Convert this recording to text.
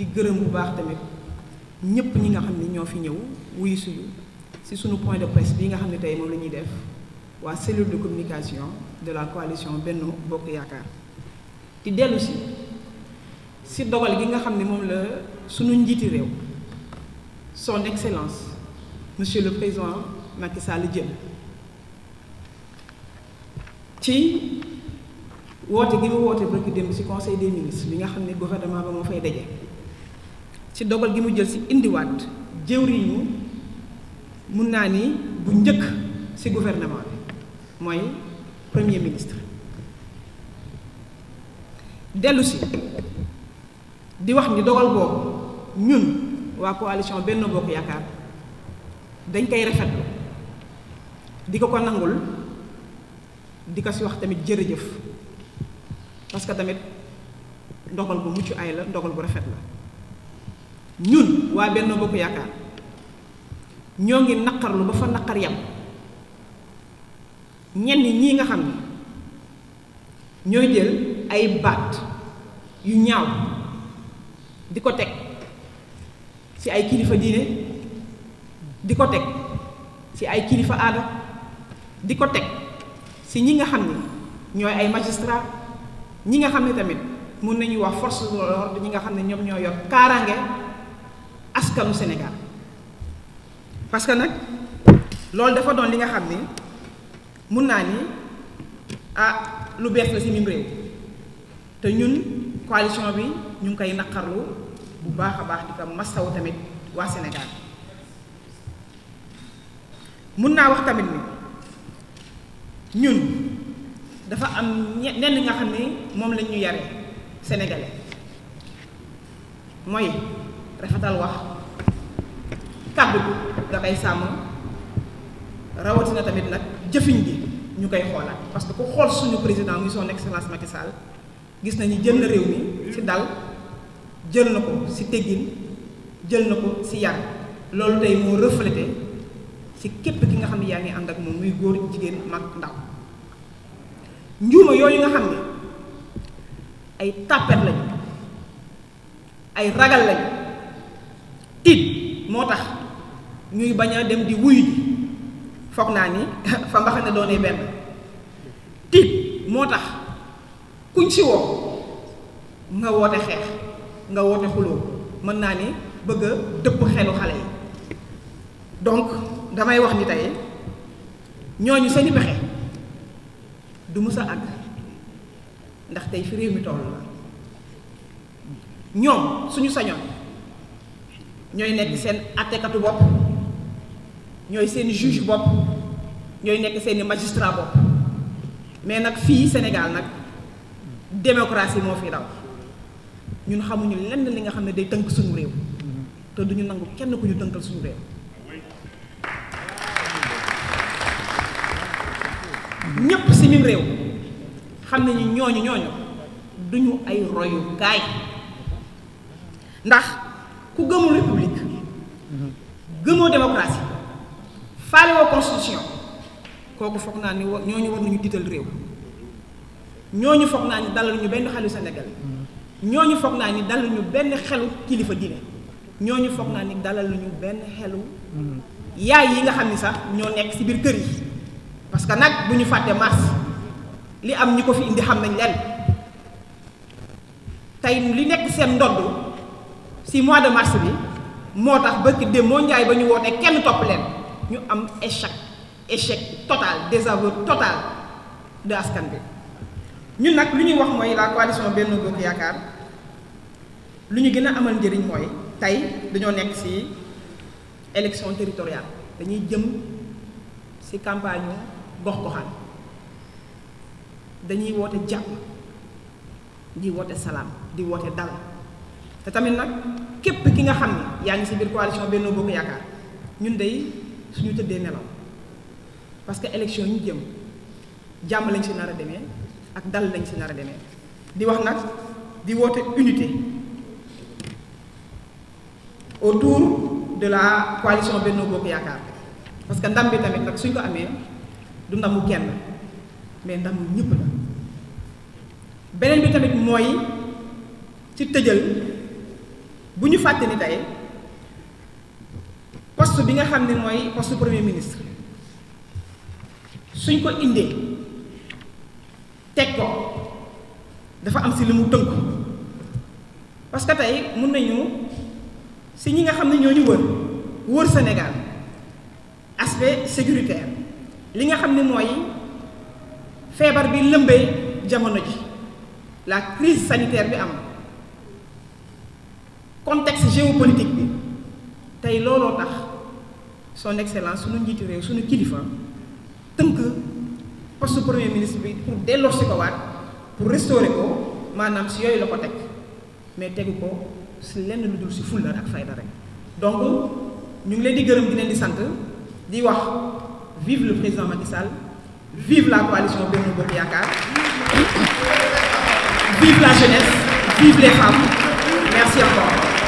di gërëm bu baax tamit ñëpp ñi nga xam ni ñoo fi ñëw wuyu si suñu point de presse bii nga xam ne tey moom la ñuy def waa cellule de communication de la coalition Benno Bokk Yaakaar di dellu si si dogal gi nga xam ni moom la suñu njiiti réew son excellence monsieur le président Macky Sall jël ci woote gi mu woote barki démb si conseil des ministres bi nga xam ne gouvernement ba moo fay daje. ci dogal gi mu jël si indiwaat jëwriñu mun naa ni bu njëkk si gouvernement bi mooy premier ministre dellu si di wax ni dogal boobu ñun waa coalition benn Bokk Yaakaar dañ koy rafetlu di ko ko nangul di ko si wax tamit jërëjëf parce que tamit ndogal bu mucc ay la ndogal bu rafet la ñun waa Benno Bokk Yaakaar ñoo ngi naqarlu ba fa naqar yam ñenn ñii nga xam ne ñooy jël ay baat yu ñaaw di ko teg ci ay kilifa diine di ko teg ci ay kilifa aada di ko teg ci ñi nga xam ne ñooy ay magistrat ñi nga xam ne tamit mun nañu wax force de l'ordre ñi nga xam ne ñoom ñoo yor kaaraange askanu Sénégal parce que nag loolu dafa doon li nga xam ni mun naa ni ah lu bees la si mim réew te ñun coalition bi ñu ngi koy naqarlu bu baax a baax di ko masaw tamit waa Sénégal mun naa wax tamit ni ñun dafa am ñe- nenn nga xam ni moom lañ ñu yare sénégalais mooy rafetal wax kàddu da koy sàmm rawatina tamit nag jëfiñ gi ñu koy xoolaat parce que ku xool suñu président muy son excellence Macky Sall gis nañu jël na réew mi ci dal jël na ko ci teggin jël na ko ci yar loolu tey moo reflété ci képp ki nga xam ne yaa ngi ànd ak moom muy góor jigéen mag ndaw njuuma yooyu nga xam ne ay tàppet lañu ay ragal lañu it moo tax ñuy bañ a dem di wuy foog naa ni fa mbaxane ne doonee benn tiit moo tax kuñ si woo nga woote xeex nga woote xuloo mën naa ni bëgg a dëpp xelu xale yi donc damay wax ni tay ñooñu sañu pexe du mës a àgg ndax tey fi réew mi toll la ñoom suñu sañoon ñooy nekk seen attekatu bopp ñooy seen juge bopp ñooy nekk seen i bopp mais nag fii Sénégal nag démocratie moo fi raw ñun xamuñu lenn li nga xam ne day tënk suñu réew te duñu nangu kenn ku ñu tënkal suñu réew ñépp si mim réew xam nañu ñooñu ñooñu duñu ay royukaay ndax ku gëmul république gëmoo démocratie faale constitution kooku foog naa ni ñoo ñu war nañu dital réew ñooñu foog naa ni dalal ñu benn xelu Sénégal ñooñu foog naa ni dalal ñu benn xelu kilifa ñoo ñu foog naa ni dalal ñu benn xelu yaay yi nga xam ni sax ñoo nekk ci biir kër yi parce que nag bu ñu fàtte mars li am ñi ko fi indi xam nañ leen tey li nekk seen ndodd si mois de mars bi moo tax bëgg dem moo njaay ba ñu wootee kenn topp leen ñu am échec échec total désaveu total de askan bi ñun nag lu ñuy wax mooy la coalition benn Bokk Yaakaar lu ñu gën a amal njëriñ mooy tey dañoo nekk ci élection territoriale dañuy jëm ci campagne gox goxaan dañuy woote jàmm di woote salaam di woote dal te tamit nag képp ki nga xam ne yaa ngi si biir coalition Benno Bokk Yaakaar ñun day suñu tëddee nelaw parce que élection ñu jëm jàmm lañ si nar a demee ak dal lañ si nar a demee di wax nag di woote unité autour de la coalition Benno Bokk Yaakaar parce que ndam bi tamit nag suñ ko amee du ndamu kenn mais ndamu ñëpp la beneen bi tamit mooy ci tëjal. bu ñu fàtte ni tey poste bi nga xam ne mooy poste premier ministre suñ ko indee teg ko dafa am si li mu tënk parce que tey mun nañu si ñi nga xam ne ñoo ñu wër wër Sénégal aspect sécuritaire li nga xam ne mooy feebar bi lëmbee jamono ji la crise sanitaire bi am. contexte géopolitique bi tey looloo tax son excellence suñu njiitu réew suñu kilifa tënk poste premier ministre bi pour delloo si ko waat pour restaurer ko maanaam si yooyu la ko teg mais tegu ko si lenn lu dul si fulla ak fayda rek donc ñu ngi leen di gërëm di leen di sant di wax vive le président Macky Sall vive la coalition Benno Bokk Yaakaar vive la jeunesse vive les femmes merci encore